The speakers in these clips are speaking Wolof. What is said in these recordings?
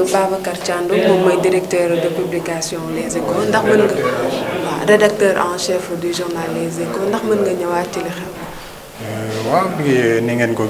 Babacar Karchando, mon directeur de publication Les Échos ndax nga rédacteur en chef du journal Les Échos ndax mën nga ñëwaat ci li xew. Euh, waaw ni ngeen ko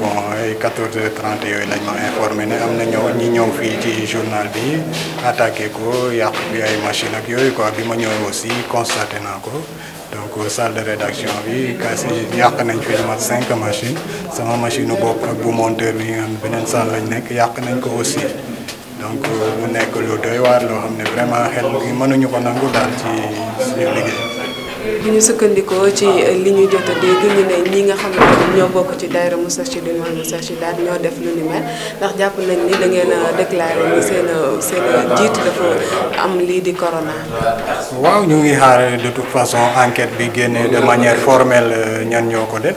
bon 14 h 30 on lañ ma informé ne am ñoo ñi ñëw fii ci journal bi attaqué ko yàq bi ay machine ak quoi aussi constaté donc salle de rédaction bi kasi yàq nañ fi lu cinq machines sama machine u bopp ak bu monteur bi nga xam ne beneen salle lañ nekk yàq nañ ko aussi donc mu nekk lu doy waar loo xam ne vraiment xel gi mënuñu ko nangu daal ci suñu liggéey bu ñu sukkandikoo ci li ñu jot a dégg ñu ñi nga xam ne ñoo bokk ci daayira Moustarchidine wal Moustarchidaty ñoo def lu ni mel ndax jàpp nañ ni da ngeen a déclaré ni jiit dafa am lii di corona. waaw ñu ngi xaar de toute façon enquête bi génne de manière formelle ñan ñoo ko def.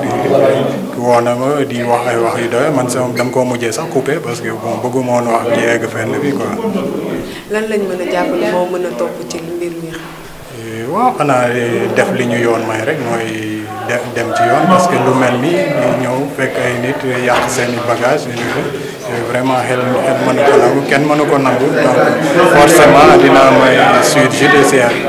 woo di wax ay wax yu doy man sama sax coupé parce que bon bëgguma woon bi quoi. lan lañ mën a eh, waaw xanaa def li ñu yoon may rek mooy def dem ci yoon parce lu mel ni ñëw fekk ay nit yàq seen i bagages vraiment xel xel mënu ko nangu kenn dina may suite judiciaire.